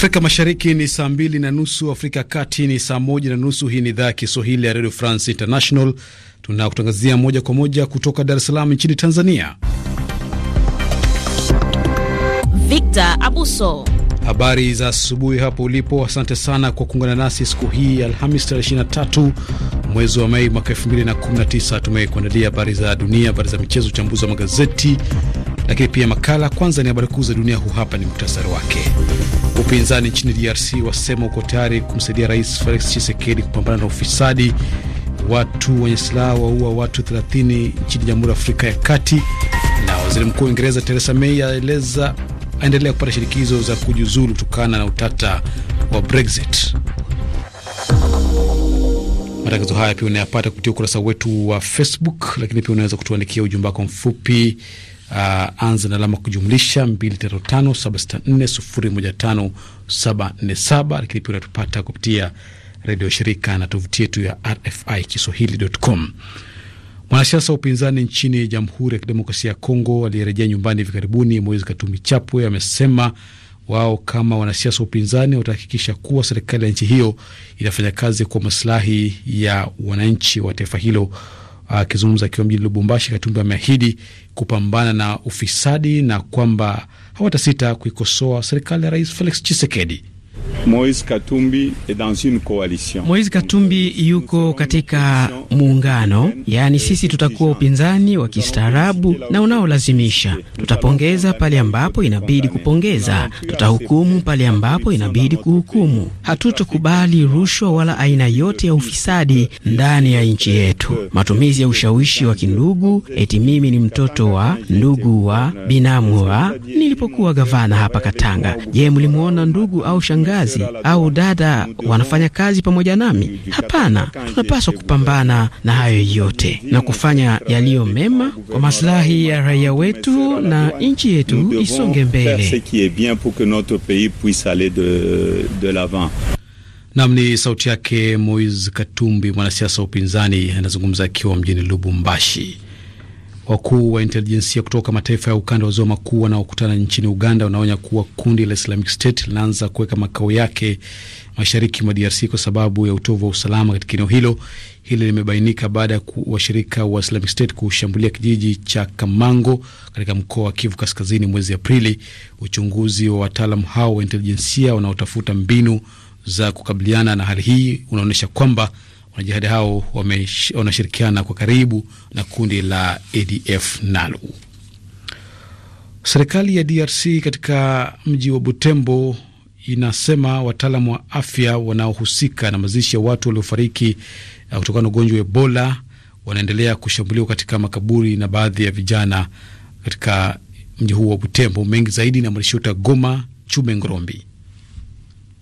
Afrika Mashariki ni saa mbili na nusu, Afrika ya Kati ni saa moja na nusu. Hii ni idhaa ya Kiswahili ya Radio France International, tunakutangazia moja kwa moja kutoka Dar es Salaam nchini Tanzania. Victor Abuso, habari za asubuhi hapo ulipo. Asante sana kwa kuungana nasi siku hii Alhamis tarehe 23 mwezi wa Mei mwaka 2019. Tumekuandalia habari za dunia, habari za michezo, uchambuzi wa magazeti lakini pia makala. Kwanza ni habari kuu za dunia, huu hapa ni muhtasari wake. Upinzani nchini DRC wasema uko tayari kumsaidia Rais Felix Tshisekedi kupambana na ufisadi. Watu wenye silaha waua watu 30 nchini Jamhuri ya Afrika ya Kati, na waziri mkuu wa Uingereza Theresa May aeleza aendelea kupata shinikizo za kujiuzulu kutokana na utata wa Brexit. Matangazo haya pia unayapata kupitia ukurasa wetu wa Facebook, lakini pia unaweza kutuandikia ujumbe wako mfupi Uh, anza na alama kujumlisha 255764015747 lakini pia unatupata kupitia redio shirika na tovuti yetu ya RFI Kiswahili.com. Mwanasiasa wa upinzani nchini Jamhuri ya Kidemokrasia ya Kongo aliyerejea nyumbani hivi karibuni, Moise Katumbi Chapwe amesema wao kama wanasiasa wa upinzani watahakikisha kuwa serikali ya nchi hiyo inafanya kazi kwa masilahi ya wananchi wa taifa hilo Akizungumza akiwa mjini Lubumbashi, Katumbi ameahidi kupambana na ufisadi na kwamba hawatasita kuikosoa serikali ya Rais Felix Tshisekedi. Moise Katumbi, est dans une coalition. Moise Katumbi yuko katika muungano, yaani sisi tutakuwa upinzani wa kistaarabu na unaolazimisha. Tutapongeza pale ambapo inabidi kupongeza, tutahukumu pale ambapo inabidi kuhukumu. Hatutokubali rushwa wala aina yote ya ufisadi ndani ya nchi yetu, matumizi ya ushawishi wa kindugu, eti mimi ni mtoto wa ndugu wa binamu wa nilipokuwa gavana hapa Katanga. Je, mlimwona ndugu au shangazi shangazi au dada wanafanya kazi pamoja nami. Hapana, tunapaswa kupambana na hayo yote na kufanya yaliyo mema kwa maslahi ya raia wetu na nchi yetu isonge mbele. Nam ni sauti yake Moise Katumbi, mwanasiasa wa upinzani, anazungumza akiwa mjini Lubumbashi. Wakuu wa intelijensia kutoka mataifa ya ukanda wa ziwa makuu wanaokutana nchini Uganda wanaonya kuwa kundi la Islamic State linaanza kuweka makao yake mashariki mwa DRC kwa sababu ya utovu wa usalama katika eneo hilo. Hili limebainika baada ya washirika wa Islamic State kushambulia kijiji cha Kamango katika mkoa wa Kivu Kaskazini mwezi Aprili. Uchunguzi wa wataalam hao wa intelijensia wanaotafuta mbinu za kukabiliana na hali hii unaonyesha kwamba Wanajihadi hao wanashirikiana kwa karibu na kundi la ADF NALU. Serikali ya DRC katika mji wa Butembo inasema wataalam wa afya wanaohusika na mazishi ya watu waliofariki uh, kutokana na ugonjwa wa Ebola wanaendelea kushambuliwa katika makaburi na baadhi ya vijana katika mji huu wa Butembo. Mengi zaidi na mwandishi wetu Goma Chume Ngorombi.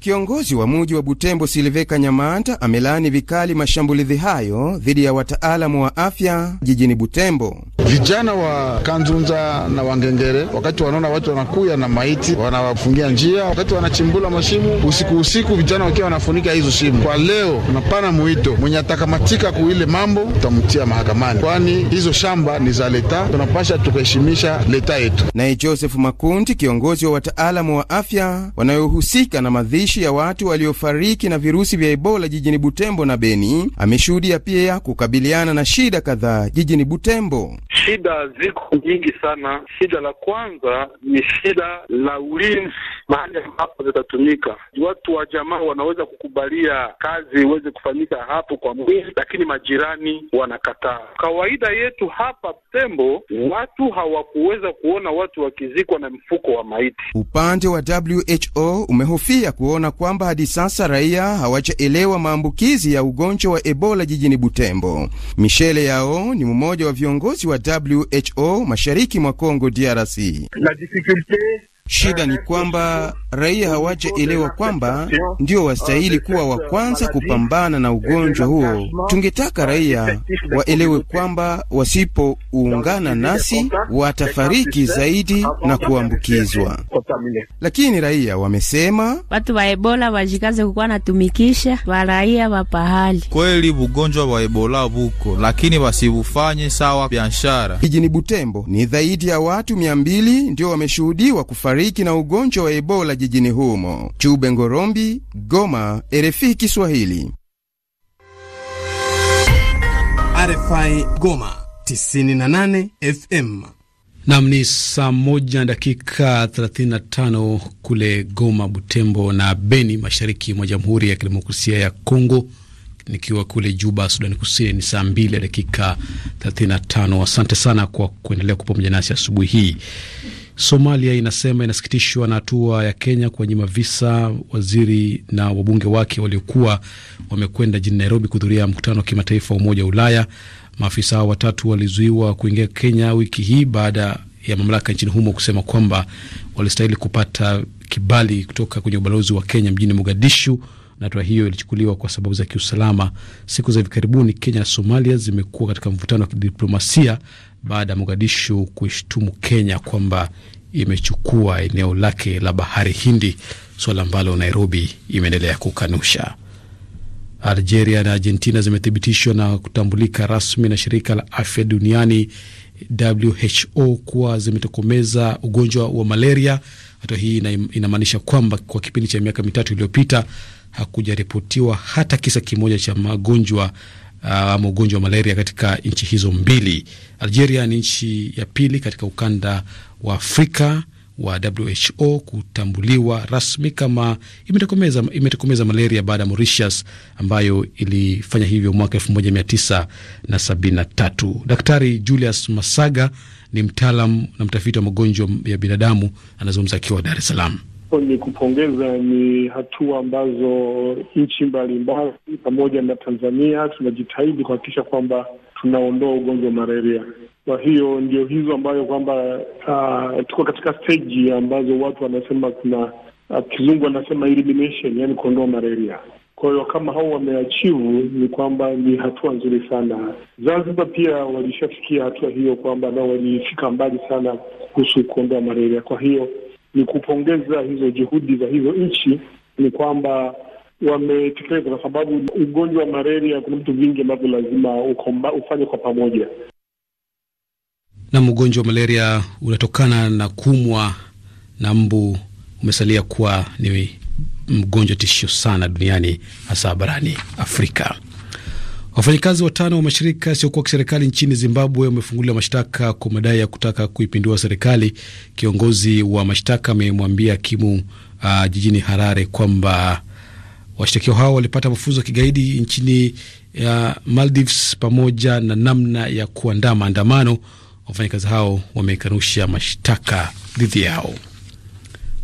Kiongozi wa muji wa Butembo Siliveka Nyamata amelaani vikali mashambulizi hayo dhidi ya wataalamu wa afya jijini Butembo. Vijana wa Kanzunza na Wangengere, wakati wanaona watu wanakuya na maiti, wanawafungia njia, wakati wanachimbula mashimu usiku usiku, vijana wakiwa wanafunika hizo shimu Kwa leo tunapana mwito, mwenye atakamatika kuile mambo tutamtia mahakamani, kwani hizo shamba ni za leta, tunapasha tukaheshimisha leta yetu. Naye Joseph makundi kiongozi wa wataalamu wa afya wanayohusika na madhishi mazishi ya watu waliofariki na virusi vya Ebola jijini Butembo na Beni, ameshuhudia pia kukabiliana na shida kadhaa jijini Butembo. Shida ziko nyingi sana. Shida la kwanza ni shida la ulinzi mahali ambapo zitatumika. Watu wa jamaa wanaweza kukubalia kazi iweze kufanyika hapo kwa mwili, lakini majirani wanakataa. Kawaida yetu hapa Butembo, watu hawakuweza kuona watu wakizikwa na mfuko wa maiti. Upande wa WHO umehofia kuona kuona kwamba hadi sasa raia hawajaelewa maambukizi ya ugonjwa wa Ebola jijini Butembo. Michele Yao ni mmoja wa viongozi wa WHO mashariki mwa congo DRC. La Shida ni kwamba raia hawajaelewa kwamba ndio wastahili kuwa wa kwanza kupambana na ugonjwa huo. Tungetaka raia waelewe kwamba wasipoungana nasi watafariki zaidi na kuambukizwa. Lakini raia wamesema watu wa Ebola wajikaze kukuwa natumikisha wa raia wa pahali. Kweli ugonjwa wa Ebola buko, lakini wasibufanye sawa biashara. Kijini Butembo ni zaidi ya watu mia mbili ndio wameshuhudiwa kufariki alifariki na ugonjwa wa Ebola jijini humo. Chube Ngorombi, Goma, RFI Kiswahili. RFI Goma 98 FM. Nam ni saa moja dakika 35 kule Goma, Butembo na Beni, mashariki mwa Jamhuri ya Kidemokrasia ya Kongo. Nikiwa kule Juba, Sudani Kusini ni saa mbili dakika 35. Asante sana kwa kuendelea kuwa pamoja nasi asubuhi hii. Somalia inasema inasikitishwa na hatua ya Kenya kuwanyima visa waziri na wabunge wake waliokuwa wamekwenda jijini Nairobi kuhudhuria mkutano wa kimataifa wa Umoja wa Ulaya. Maafisa hao watatu walizuiwa kuingia Kenya wiki hii baada ya mamlaka nchini humo kusema kwamba walistahili kupata kibali kutoka kwenye ubalozi wa Kenya mjini Mogadishu na hatua hiyo ilichukuliwa kwa sababu za kiusalama. Siku za hivi karibuni, Kenya na Somalia zimekuwa katika mvutano wa kidiplomasia baada ya Mogadishu kuishtumu Kenya kwamba imechukua eneo lake la bahari Hindi, suala ambalo Nairobi imeendelea kukanusha. Algeria na Argentina zimethibitishwa na kutambulika rasmi na shirika la afya duniani WHO kuwa zimetokomeza ugonjwa wa malaria. Hatua hii inamaanisha kwamba kwa kipindi cha miaka mitatu iliyopita hakujaripotiwa hata kisa kimoja cha magonjwa uh, ama ugonjwa wa malaria katika nchi hizo mbili. Algeria ni nchi ya pili katika ukanda wa Afrika wa WHO kutambuliwa rasmi kama imetokomeza, imetokomeza malaria baada ya Mauritius ambayo ilifanya hivyo mwaka 1973. Daktari Julius Masaga ni mtaalam na mtafiti wa magonjwa ya binadamu, anazungumza akiwa Dar es Salaam kwenye kupongeza ni hatua ambazo nchi mbalimbali pamoja na Tanzania tunajitahidi kuhakikisha kwamba tunaondoa ugonjwa wa malaria. Kwa hiyo ndio hizo ambayo kwamba uh, tuko katika steji ambazo watu wanasema kuna uh, kizungu anasema elimination, yani kuondoa malaria. Kwa hiyo kama hao wameachivu, ni kwamba ni hatua nzuri sana. Zanzibar pia walishafikia hatua hiyo, kwamba nao walifika mbali sana kuhusu kuondoa malaria. Kwa hiyo ni kupongeza hizo juhudi za hizo nchi, ni kwamba wametekeleza, kwa sababu ugonjwa wa malaria kuna vitu vingi ambavyo lazima ufanye kwa pamoja. Na ugonjwa wa malaria unatokana na kumwa na mbu, umesalia kuwa ni mgonjwa tishio sana duniani, hasa barani Afrika. Wafanyakazi watano wa mashirika yasiyokuwa kiserikali nchini Zimbabwe wamefunguliwa mashtaka kwa madai ya kutaka kuipindua serikali. Kiongozi wa mashtaka amemwambia kimu uh, jijini Harare kwamba washtakiwa hao walipata mafunzo ya kigaidi nchini uh, Maldives pamoja na namna ya kuandaa maandamano. Wafanyakazi hao wamekanusha mashtaka dhidi yao.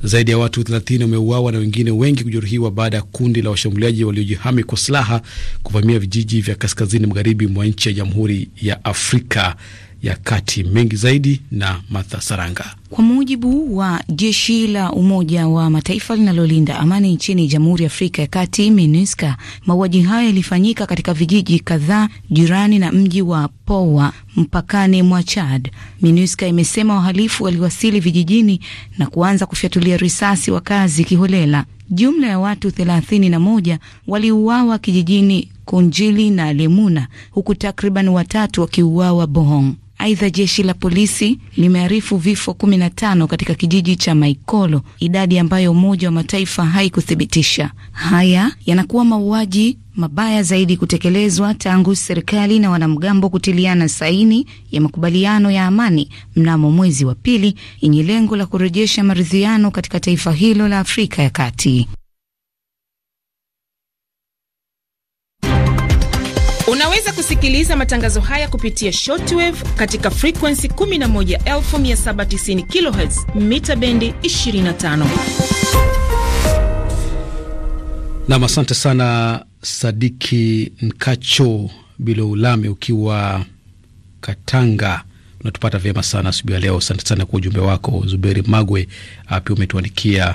Zaidi ya watu 30 wameuawa na wengine wengi kujeruhiwa baada ya kundi la washambuliaji waliojihami kwa silaha kuvamia vijiji vya kaskazini magharibi mwa nchi ya Jamhuri ya Afrika ya Kati. Mengi zaidi na Martha Saranga. Kwa mujibu wa jeshi la Umoja wa Mataifa linalolinda amani nchini Jamhuri ya Afrika ya Kati, MINUSCA, mauaji hayo yalifanyika katika vijiji kadhaa jirani na mji wa Poa mpakani mwa Chad. MINUSCA imesema wahalifu waliwasili vijijini na kuanza kufyatulia risasi wakazi kiholela. Jumla ya watu thelathini na moja waliuawa kijijini Kunjili na Lemuna, huku takriban watatu wakiuawa Bohong. Aidha, jeshi la polisi limearifu vifo 15 katika kijiji cha Maikolo, idadi ambayo Umoja wa Mataifa haikuthibitisha. Haya yanakuwa mauaji mabaya zaidi kutekelezwa tangu serikali na wanamgambo kutiliana saini ya makubaliano ya amani mnamo mwezi wa pili yenye lengo la kurejesha maridhiano katika taifa hilo la Afrika ya Kati. Unaweza kusikiliza matangazo haya kupitia shortwave katika frequency 11790 kHz mita bendi 25. Nam, asante sana Sadiki Nkacho Bilo Ulame, ukiwa Katanga unatupata vyema sana asubuhi ya leo. Asante sana kwa ujumbe wako. Zuberi Magwe ah, pia umetuandikia,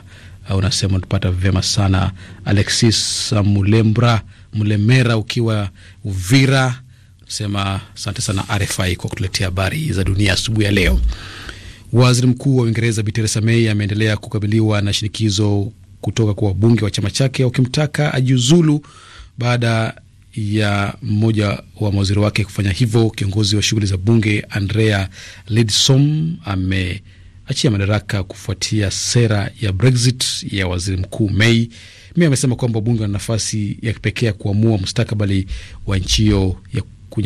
ah, unasema unatupata vyema sana. Alexis Mulembra Mlemera ukiwa Uvira, sema asante sana RFI kwa kutuletea habari za dunia asubuhi ya leo. Waziri Mkuu wa Uingereza Bi Theresa May ameendelea kukabiliwa na shinikizo kutoka kwa wabunge wa chama chake wakimtaka ajiuzulu baada ya mmoja wa mawaziri wake kufanya hivyo. Kiongozi wa shughuli za bunge Andrea Lidsom ameachia madaraka kufuatia sera ya Brexit ya waziri mkuu May mimi amesema kwamba wabunge wana nafasi ya kipekee ya kuamua mustakabali wa nchi hiyo ya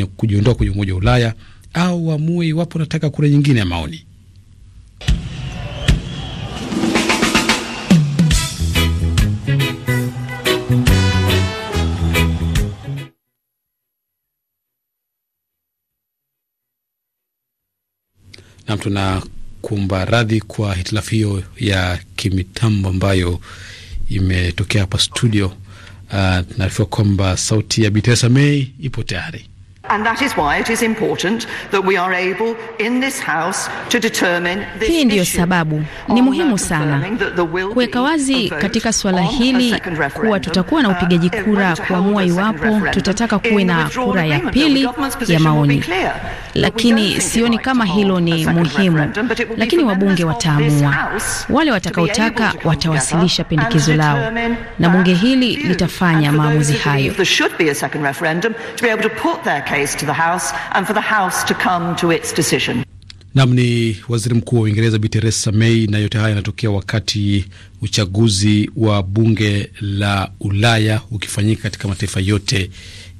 kujiondoa kwenye Umoja wa Ulaya au waamue iwapo wanataka kura nyingine ya maoni. Nam, kumba radhi kwa hitilafu hiyo ya kimitambo ambayo imetokea hapa studio. Uh, tunaarifiwa kwamba sauti ya Bi Theresa May ipo tayari. Hii ndiyo sababu ni muhimu sana kuweka wazi katika suala hili kuwa tutakuwa na uh, upigaji kura kuamua iwapo tutataka kuwe na kura ya pili ya maoni, lakini sioni kama hilo ni muhimu, lakini wabunge wataamua. Wale watakaotaka watawasilisha pendekezo lao na bunge hili litafanya maamuzi hayo case to the House and for the House to come to its decision. Nam ni waziri mkuu wa Uingereza Bi Theresa May, na yote haya yanatokea wakati uchaguzi wa bunge la Ulaya ukifanyika katika mataifa yote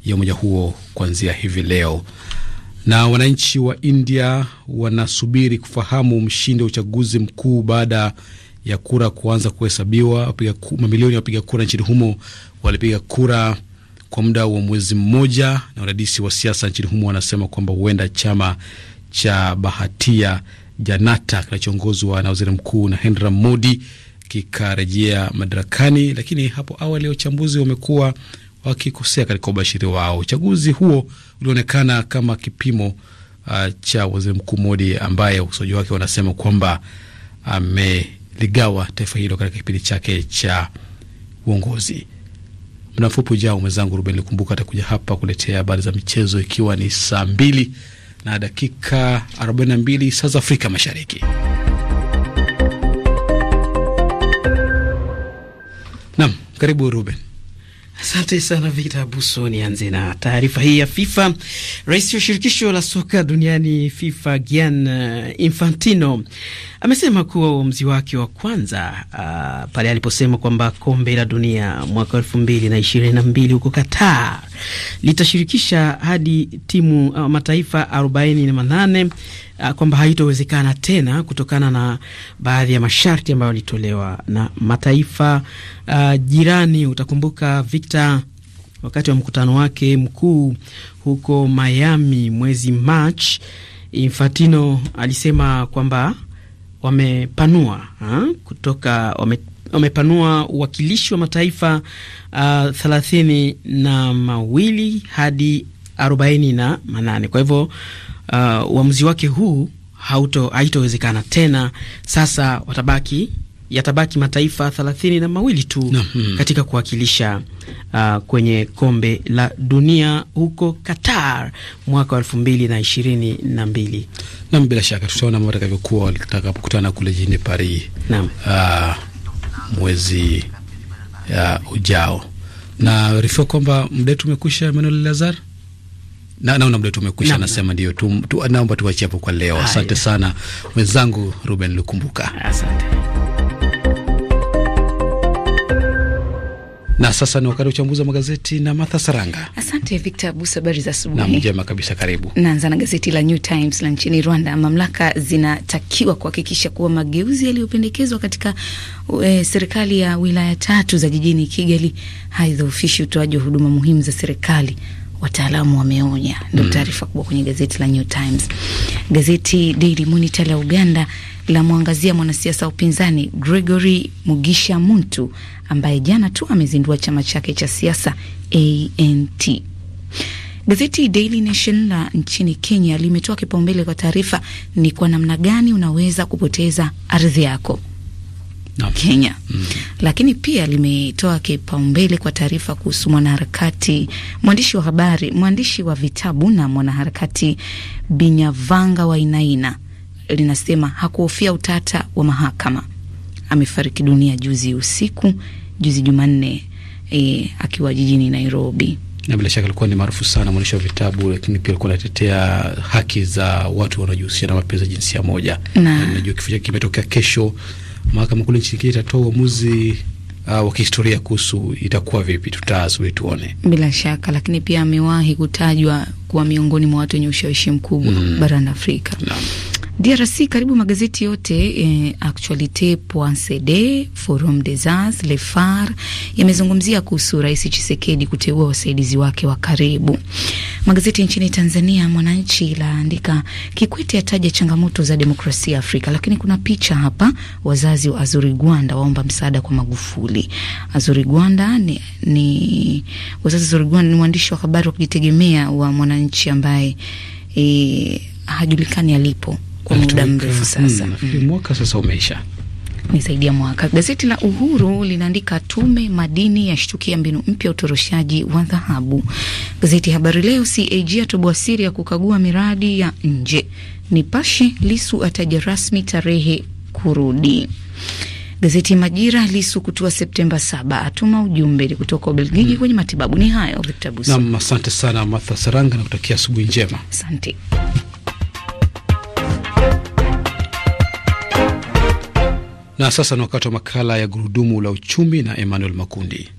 ya umoja huo kuanzia hivi leo. Na wananchi wa India wanasubiri kufahamu mshindi wa uchaguzi mkuu baada ya kura kuanza kuhesabiwa. Mamilioni ya wapiga kura nchini humo walipiga kura kwa muda wa mwezi mmoja, na wadadisi wa siasa nchini humo wanasema kwamba huenda chama cha Bahatia Janata kinachoongozwa na waziri mkuu Narendra Modi kikarejea madarakani, lakini hapo awali wachambuzi wamekuwa wakikosea katika ubashiri wao. Uchaguzi huo ulionekana kama kipimo uh, cha waziri mkuu Modi ambaye ukosoaji wake wanasema kwamba ameligawa taifa hilo katika kipindi chake cha uongozi. Muda mfupi ujao mwenzangu Ruben Likumbuka atakuja hapa kuletea habari za michezo ikiwa ni saa mbili na dakika 42 saa za Afrika Mashariki. Nam, karibu Ruben. Asante sana Victor Abuso. Nianze na taarifa hii ya FIFA. Rais wa shirikisho la soka duniani FIFA Gian eh, Infantino amesema kuwa uamuzi wake wa kwanza uh, pale aliposema kwamba kombe la dunia mwaka elfu mbili na ishirini na mbili huko Qatar litashirikisha hadi timu uh, mataifa arobaini na manane uh, kwamba haitowezekana tena kutokana na baadhi ya masharti ambayo yalitolewa na mataifa uh, jirani. Utakumbuka Victor, wakati wa mkutano wake mkuu huko Miami mwezi mach Infantino alisema kwamba wamepanua ha, kutoka wame, wamepanua uwakilishi wa mataifa uh, thelathini uh, na mawili hadi arobaini na manane. Kwa hivyo Uh, uamuzi wake huu hauto haitowezekana tena. Sasa watabaki yatabaki mataifa thelathini na mawili tu no, hmm, katika kuwakilisha uh, kwenye kombe la dunia huko Qatar mwaka wa elfu mbili na ishirini na mbili. Nam, bila shaka tutaona mambo atakavyokuwa watakapokutana kule jijini Paris uh, mwezi uh, ujao. Na rifo kwamba muda wetu umekwisha. Emmanuel Lazar na naona muda tumekwisha, nasema ndio tu, tu, naomba tuachie hapo kwa leo. Asante sana mwenzangu Ruben Lukumbuka, asante. Na sasa ni wakati wa uchambuzi wa magazeti na Martha Saranga. Asante Victor Abusa, habari za asubuhi. Na mjema kabisa, karibu. Naanza na gazeti la New Times la nchini Rwanda. Mamlaka zinatakiwa kuhakikisha kuwa mageuzi yaliyopendekezwa katika e, serikali ya wilaya tatu za jijini Kigali haidhoofishi utoaji wa huduma muhimu za serikali wataalamu wameonya. Ndio mm. taarifa kubwa kwenye gazeti la New Times. Gazeti Daily Monitor la Uganda lamwangazia mwanasiasa wa upinzani Gregory Mugisha Muntu ambaye jana tu amezindua chama chake cha siasa ANT. Gazeti Daily Nation la nchini Kenya limetoa kipaumbele kwa taarifa ni kwa namna gani unaweza kupoteza ardhi yako no. Kenya mm. Lakini pia limetoa kipaumbele kwa taarifa kuhusu mwanaharakati, mwandishi wa habari, mwandishi wa vitabu na mwanaharakati Binyavanga Wainaina. Linasema hakuhofia utata wa mahakama. Amefariki dunia juzi usiku, juzi Jumanne, e, akiwa jijini Nairobi na bila shaka alikuwa ni maarufu sana mwandishi wa vitabu, lakini pia alikuwa anatetea haki za watu wanaojihusisha na mapenzi ya jinsia moja. Najua kifo chake kimetokea kesho, mahakama kule nchini Kenya itatoa uamuzi Uh, wa kihistoria kuhusu itakuwa vipi, tutasubiri tuone, bila shaka. Lakini pia amewahi kutajwa kuwa miongoni mwa watu wenye ushawishi mkubwa mm, barani Afrika na. DRC karibu magazeti yote eh, Actualite, Point CD, Forum des As, Le Phare yamezungumzia kuhusu Rais chisekedi kuteua wasaidizi wake wa karibu. Magazeti nchini Tanzania, Mwananchi laandika Kikwete ataja changamoto za demokrasia Afrika, lakini kuna picha hapa, wazazi wa Azuri Gwanda waomba msaada kwa Magufuli. Azuri Gwanda ni, ni wazazi Azuri Gwanda ni mwandishi wa habari wa kujitegemea wa Mwananchi ambaye eh, hajulikani alipo kwa muda mrefu sasa. Mm. mm, mwaka sasa umeisha ni zaidi ya mwaka. Gazeti la Uhuru linaandika tume madini yashtukia mbinu mpya utoroshaji wa dhahabu. Gazeti Habari Leo, CAG atoboa siri ya kukagua miradi ya nje. Nipashe, Lisu ataja rasmi tarehe kurudi. Gazeti Majira, Lisu kutua Septemba saba, atuma ujumbe kutoka Ubelgiji mm, kwenye matibabu. Ni hayo Victor Buso. Naam, asante sana Martha Saranga na kutakia asubuhi njema. Asante. Na sasa ni wakati wa makala ya gurudumu la uchumi na Emmanuel Makundi.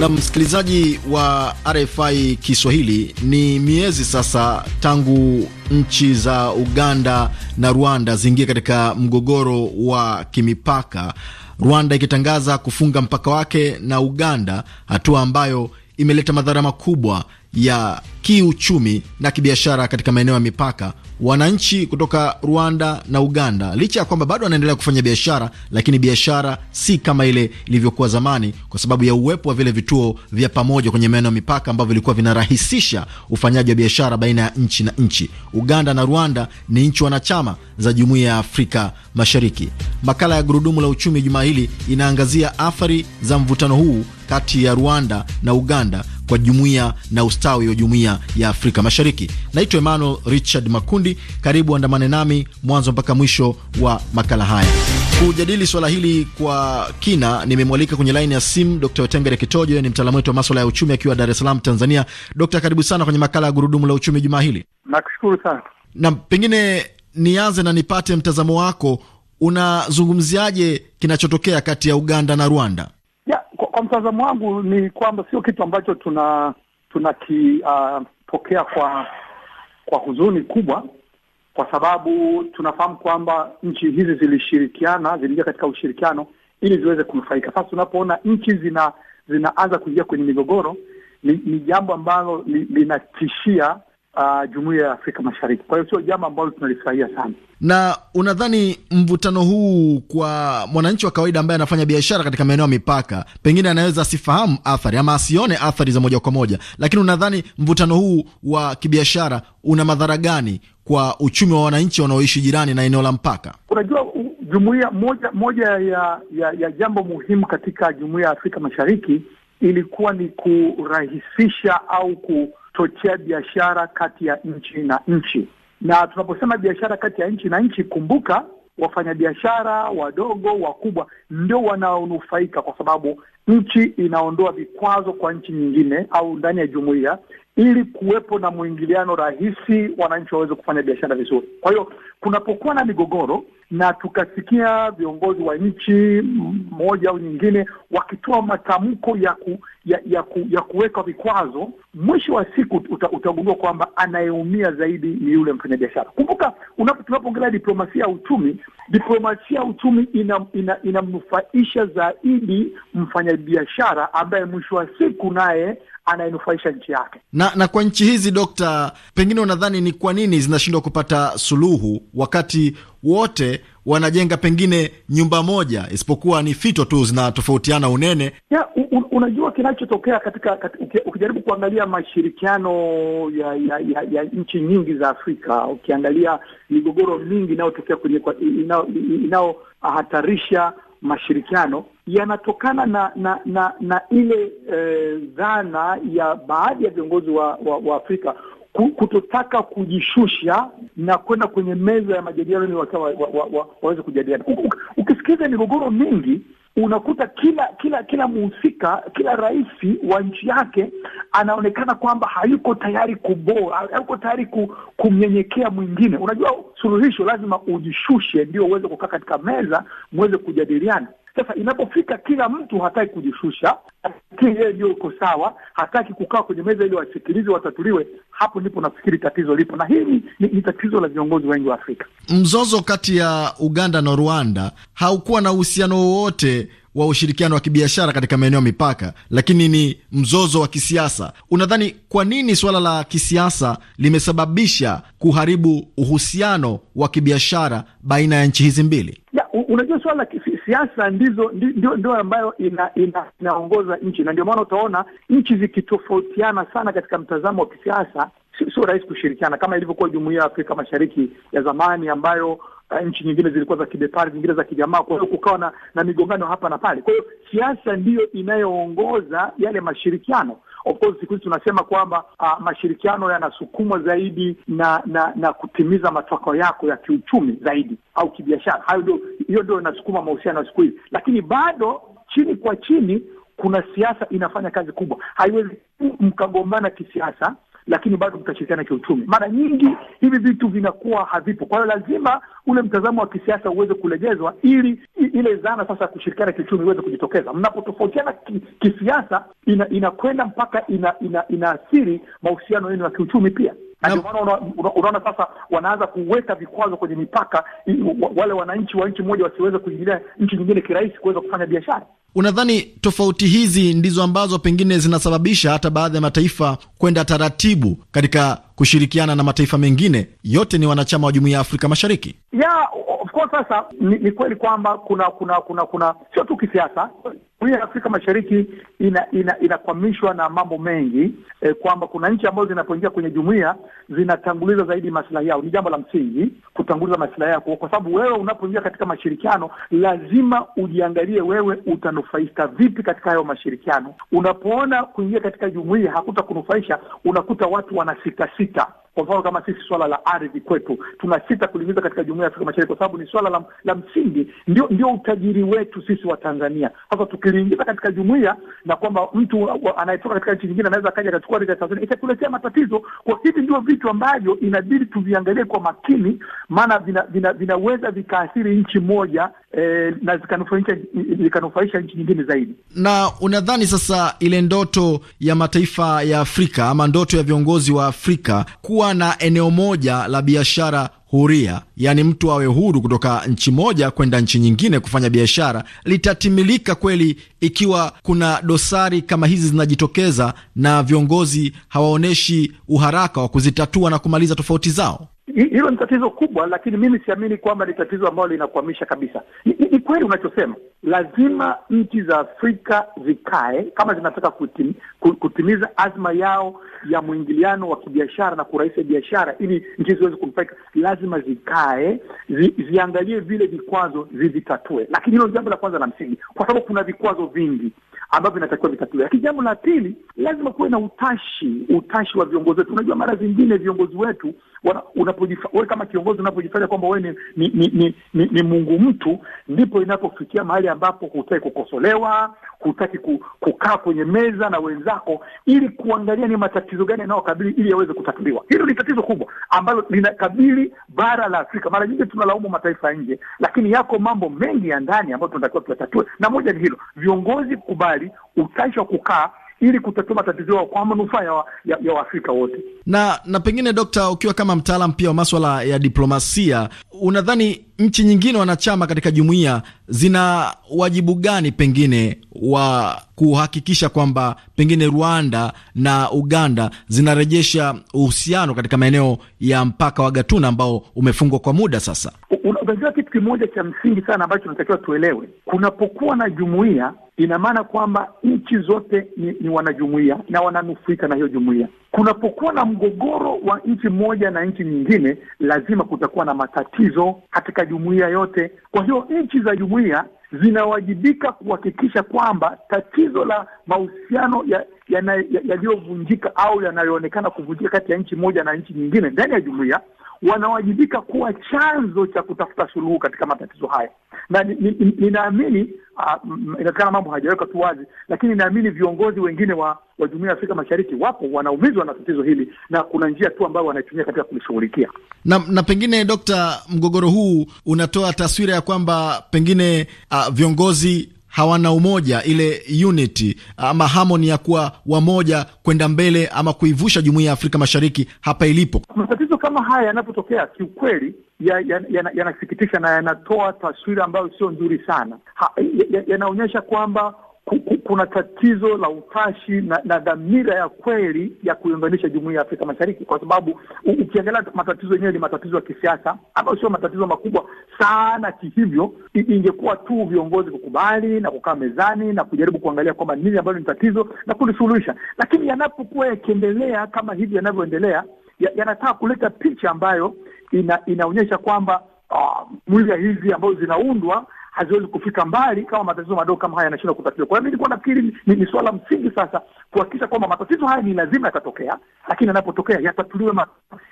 Na msikilizaji wa RFI Kiswahili, ni miezi sasa tangu nchi za Uganda na Rwanda ziingie katika mgogoro wa kimipaka, Rwanda ikitangaza kufunga mpaka wake na Uganda, hatua ambayo imeleta madhara makubwa ya kiuchumi na kibiashara katika maeneo ya mipaka wananchi kutoka Rwanda na Uganda, licha ya kwamba bado wanaendelea kufanya biashara, lakini biashara si kama ile ilivyokuwa zamani, kwa sababu ya uwepo wa vile vituo vya pamoja kwenye maeneo ya mipaka ambavyo vilikuwa vinarahisisha ufanyaji wa biashara baina ya nchi na nchi. Uganda na Rwanda ni nchi wanachama za Jumuiya ya Afrika Mashariki. Makala ya Gurudumu la Uchumi juma hili inaangazia athari za mvutano huu kati ya Rwanda na Uganda kwa jumuiya na ustawi wa jumuiya ya Afrika Mashariki. Naitwa Emmanuel Richard Makundi, karibu andamane nami mwanzo mpaka mwisho wa makala haya. Kujadili swala hili kwa kina, nimemwalika kwenye laini ya simu d Wetengere Kitojo, ni mtaalamu wetu wa maswala ya uchumi akiwa Dar es Salaam, Tanzania. Dokta, karibu sana kwenye makala ya gurudumu la uchumi jumaa hili. Nakushukuru sana. Na pengine nianze na nipate mtazamo wako, unazungumziaje kinachotokea kati ya Uganda na Rwanda? kwa, kwa mtazamo wangu ni kwamba sio kitu ambacho tuna tunakipokea uh, kwa kwa huzuni kubwa, kwa sababu tunafahamu kwamba nchi hizi zilishirikiana, ziliingia katika ushirikiano ili ziweze kunufaika. Sasa tunapoona nchi zina zinaanza kuingia kwenye migogoro, ni, ni jambo ambalo linatishia uh, jumuiya ya Afrika Mashariki. Kwa hiyo sio jambo ambalo tunalifurahia sana. Na unadhani mvutano huu kwa mwananchi wa kawaida ambaye anafanya biashara katika maeneo ya mipaka, pengine anaweza asifahamu athari ama asione athari za moja kwa moja, lakini unadhani mvutano huu wa kibiashara una madhara gani kwa uchumi wa wananchi wanaoishi jirani na eneo la mpaka? Unajua, jumuiya moja moja ya, ya, ya jambo muhimu katika jumuiya ya Afrika Mashariki ilikuwa ni kurahisisha au ku kuchochea biashara kati ya nchi na nchi. Na tunaposema biashara kati ya nchi na nchi, kumbuka wafanyabiashara wadogo wakubwa ndio wanaonufaika, kwa sababu nchi inaondoa vikwazo kwa nchi nyingine au ndani ya jumuiya ili kuwepo na mwingiliano rahisi, wananchi waweze kufanya biashara vizuri. Kwa hiyo kunapokuwa na migogoro na tukasikia viongozi wa nchi mmoja au nyingine wakitoa matamko ya ku, ya, ya, ku, ya kuweka vikwazo, mwisho wa siku uta, utagundua kwamba anayeumia zaidi ni yule mfanyabiashara. Kumbuka, tunapoongelea diplomasia ya uchumi, diplomasia ya uchumi inamnufaisha ina, ina zaidi mfanyabiashara ambaye mwisho wa siku naye anayenufaisha nchi yake. Na na kwa nchi hizi, Dokta, pengine unadhani ni kwa nini zinashindwa kupata suluhu wakati wote wanajenga pengine nyumba moja, isipokuwa ni fito tu zinatofautiana unene ya, un, unajua kinachotokea katika, katika ukijaribu kuangalia mashirikiano ya, ya, ya, ya nchi nyingi za Afrika, ukiangalia migogoro mingi inayotokea kwenye mashirikiano yanatokana na na na, na ile e, dhana ya baadhi ya viongozi wa, wa, wa Afrika kutotaka kujishusha na kwenda kwenye meza ya majadiliano ili waweze wa, wa, wa, kujadiliana. Ukisikiliza migogoro mingi unakuta kila kila kila mhusika, kila rais wa nchi yake anaonekana kwamba hayuko tayari kubora, hayuko tayari kumnyenyekea mwingine. Unajua suluhisho lazima ujishushe, ndio uweze kukaa katika meza, muweze kujadiliana. Sasa inapofika kila mtu hataki kujishusha, akiri yeye ndio uko sawa, hataki kukaa kwenye meza ili wasikilizwe, watatuliwe. Hapo ndipo nafikiri tatizo lipo, na hili ni, ni, ni tatizo la viongozi wengi wa Afrika. Mzozo kati ya Uganda na Rwanda haukuwa na uhusiano wowote wa ushirikiano wa kibiashara katika maeneo ya mipaka, lakini ni mzozo wa kisiasa. Unadhani kwa nini suala la kisiasa limesababisha kuharibu uhusiano wa kibiashara baina ya nchi hizi mbili? unajua suala la kisiasa ndizo ndio, ndio ambayo ina- inaongoza ina nchi, na ndio maana utaona nchi zikitofautiana sana katika mtazamo wa kisiasa, sio rahisi kushirikiana kama ilivyokuwa jumuiya ya Afrika Mashariki ya zamani ambayo Ah, nchi nyingine zilikuwa za kibepari, zingine za kijamaa. Kwa hiyo kukawa na, na migongano hapa na pale. Kwa hiyo siasa ndiyo inayoongoza yale mashirikiano. Of course siku hizi tunasema kwamba uh, mashirikiano yanasukumwa zaidi na na na kutimiza matakwa yako ya kiuchumi zaidi au kibiashara. Hayo ndio, hiyo ndio inasukuma mahusiano ya siku hizi, lakini bado chini kwa chini kuna siasa inafanya kazi kubwa. Haiwezi mkagombana kisiasa lakini bado mtashirikiana kiuchumi. Mara nyingi hivi vitu vinakuwa havipo, kwa hiyo lazima ule mtazamo wa kisiasa uweze kulegezwa, ili ile zana sasa ya kushirikiana kiuchumi iweze kujitokeza. Mnapotofautiana ki, kisiasa inakwenda ina mpaka inaathiri ina, ina mahusiano yenu ya kiuchumi pia na ndio maana unaona, sasa wanaanza kuweka vikwazo kwenye mipaka wale wananchi wa nchi moja wasiweze kuingilia nchi nyingine kirahisi kuweza kufanya biashara. Unadhani tofauti hizi ndizo ambazo pengine zinasababisha hata baadhi ya mataifa kwenda taratibu katika kushirikiana na mataifa mengine yote ni wanachama wa jumuiya ya Afrika Mashariki? Yeah, of course. Sasa ni, ni kweli kwamba kuna kuna kuna kuna sio tu kisiasa Jumuiya ya Afrika Mashariki inakwamishwa ina, ina na mambo mengi eh, kwamba kuna nchi ambazo zinapoingia kwenye jumuiya zinatanguliza zaidi maslahi yao. Ni jambo la msingi kutanguliza maslahi yako, kwa sababu wewe unapoingia katika mashirikiano lazima ujiangalie wewe utanufaika vipi katika hayo mashirikiano. Unapoona kuingia katika jumuiya hakuta kunufaisha, unakuta watu wanasita Africa Kwa mfano kama sisi, swala la ardhi kwetu tunasita kulimiza katika jumuiya ya Afrika Mashariki kwa sababu ni swala la, la msingi, ndio ndio utajiri wetu sisi wa Tanzania. Sasa tukiliingiza katika jumuiya na kwamba mtu anayetoka katika nchi nyingine anaweza akaja akachukua ardhi ya Tanzania, itatuletea matatizo. Kwa hivi ndio vitu ambavyo inabidi tuviangalie kwa makini, maana vinaweza vina, vina vikaathiri nchi moja eh, na zikanufaisha zikanufaisha nchi nyingine zaidi. Na unadhani sasa ile ndoto ya mataifa ya Afrika ama ndoto ya viongozi wa Afrika kuwa kuwa na eneo moja la biashara huria, yaani mtu awe huru kutoka nchi moja kwenda nchi nyingine kufanya biashara, litatimilika kweli ikiwa kuna dosari kama hizi zinajitokeza na viongozi hawaonyeshi uharaka wa kuzitatua na kumaliza tofauti zao? hilo ni tatizo kubwa, lakini mimi siamini kwamba ni tatizo ambalo linakwamisha kabisa. Ni, kweli unachosema, lazima nchi za Afrika zikae kama zinataka kutim, kutimiza azma yao ya mwingiliano wa kibiashara na kurahisisha biashara ili nchi ziweze kunufaika, lazima zikae zi, ziangalie vile vikwazo zivitatue. Lakini hilo ni jambo la kwanza la msingi, kwa sababu kuna vikwazo vingi ambavyo inatakiwa vitatuliwe. Lakini jambo la pili, lazima kuwe na utashi, utashi wa viongozi wetu. Unajua, mara zingine viongozi wetu wewe kama kiongozi unapojifanya kwamba wewe ni ni, ni, ni, ni ni Mungu mtu, ndipo inapofikia mahali ambapo hutaki kukosolewa, hutaki kukaa kwenye meza na wenzako ili kuangalia ni matatizo gani yanayokabili ili yaweze kutatuliwa. Hilo ni tatizo kubwa ambalo linakabili bara la Afrika. Mara nyingi tunalaumu mataifa ya nje, lakini yako mambo mengi ya ndani ambayo tunatakiwa tuyatatue, na moja ni hilo, viongozi kubali serikali utaishwa kukaa ili kutatua matatizo yao kwa manufaa ya, ya, ya Waafrika wote. Na na pengine, Dokta, ukiwa kama mtaalam pia wa maswala ya diplomasia, unadhani nchi nyingine wanachama katika jumuiya zina wajibu gani pengine wa kuhakikisha kwamba pengine Rwanda na Uganda zinarejesha uhusiano katika maeneo ya mpaka wa Gatuna ambao umefungwa kwa muda sasa? Unajua, kitu kimoja cha msingi sana ambacho tunatakiwa tuelewe, kunapokuwa na jumuiya, ina maana kwamba nchi zote ni, ni wanajumuiya na wananufaika na hiyo jumuiya. Kunapokuwa na mgogoro wa nchi moja na nchi nyingine, lazima kutakuwa na matatizo katika jumuiya yote. Kwa hiyo nchi za jumuiya zinawajibika kuhakikisha kwamba tatizo la mahusiano ya yaliyovunjika ya, ya au yanayoonekana kuvunjika kati ya nchi moja na nchi nyingine ndani ya jumuiya wanawajibika kuwa chanzo cha kutafuta suluhu katika matatizo haya, na ninaamini ni, ni, ni inawezekana ah, mm, mm, mambo hajaweka tu wazi, lakini inaamini viongozi wengine wa, wa jumuia ya Afrika Mashariki wapo wanaumizwa na tatizo hili na kuna njia tu ambayo wanaitumia katika kulishughulikia. Na, na pengine Dokta, mgogoro huu unatoa taswira ya kwamba pengine uh, viongozi hawana umoja, ile unity ama harmony ya kuwa wamoja kwenda mbele ama kuivusha jumuiya ya Afrika Mashariki hapa ilipo. Matatizo kama haya yanapotokea, kiukweli yanasikitisha ya, ya, ya na yanatoa taswira ambayo sio nzuri sana, yanaonyesha ya kwamba kuna tatizo la utashi na, na dhamira ya kweli ya kuiunganisha jumuiya ya Afrika Mashariki, kwa sababu ukiangalia matatizo yenyewe ni matatizo ya kisiasa ambayo sio matatizo makubwa sana kihivyo. Ingekuwa tu viongozi kukubali na kukaa mezani na kujaribu kuangalia kwamba nini ambalo ni tatizo na kulisuluhisha, lakini yanapokuwa yakiendelea kama hivi yanavyoendelea, yanataka ya kuleta picha ambayo ina, inaonyesha kwamba uh, ah, jumuiya hizi ambazo zinaundwa haziwezi kufika mbali kama matatizo madogo kama haya yanashindwa kutatuliwa. Kwa hiyo mi nilikuwa nafikiri ni, ni, ni suala msingi sasa kuhakikisha kwamba matatizo haya ni lazima yatatokea, lakini yanapotokea yatatuliwe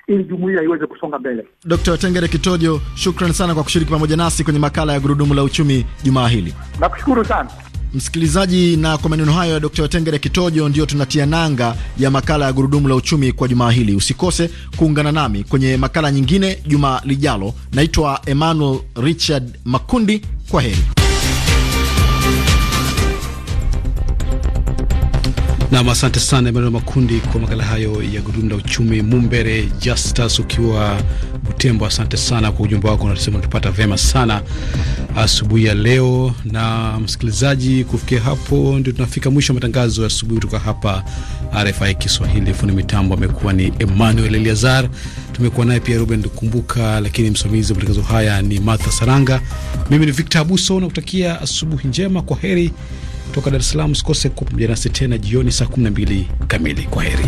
ili jumuiya iweze kusonga mbele. Dkt. Tengere Kitojo, shukran sana kwa kushiriki pamoja nasi kwenye makala ya Gurudumu la Uchumi jumaa hili. Nakushukuru sana msikilizaji, na kwa maneno hayo ya Dr Watengere Kitojo ndiyo tunatia nanga ya makala ya Gurudumu la Uchumi kwa jumaa hili. Usikose kuungana nami kwenye makala nyingine juma lijalo. Naitwa Emmanuel Richard Makundi. Kwa heri. Nam, asante sana Emanuel Makundi kwa makala hayo ya gurudumu la uchumi. Mumbere Justus ukiwa Butembo, asante sana kwa ujumbe wako, unasema tupata vema sana asubuhi ya leo. Na msikilizaji, kufikia hapo ndio tunafika mwisho wa matangazo ya asubuhi kutoka hapa RFI Kiswahili. Fundi mitambo amekuwa ni Emmanuel Eliazar, tumekuwa naye pia Ruben Kumbuka, lakini msimamizi wa matangazo haya ni Martha Saranga. Mimi ni Victor Abuso, nakutakia asubuhi njema. Kwa heri kutoka Dar es Salaam. Sikose kuja nasi tena jioni saa 12 kamili. Kwa heri.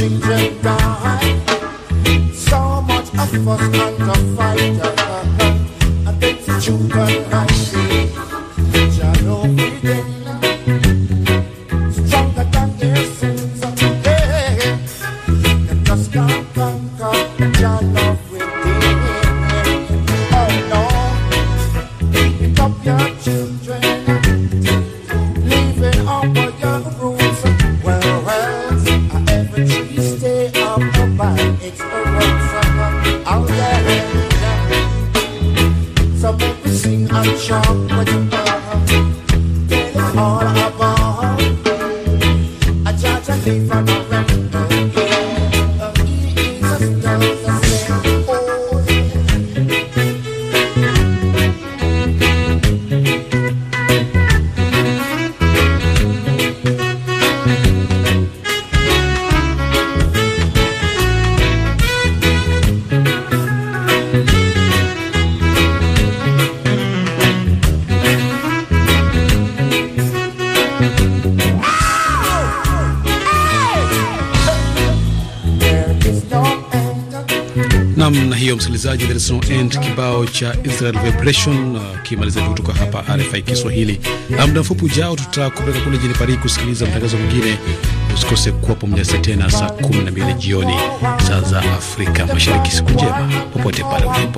children die. So much effort and a fight, and the children have Nelson and kibao cha Israel Vibration kimaliza kutoka hapa RFI Kiswahili. Muda mfupi ujao tutakupeleka kule jini Paris kusikiliza matangazo mengine. Usikose kuwa pamoja nasi tena saa 12 jioni saa za Afrika Mashariki. Siku njema popote pale ulipo.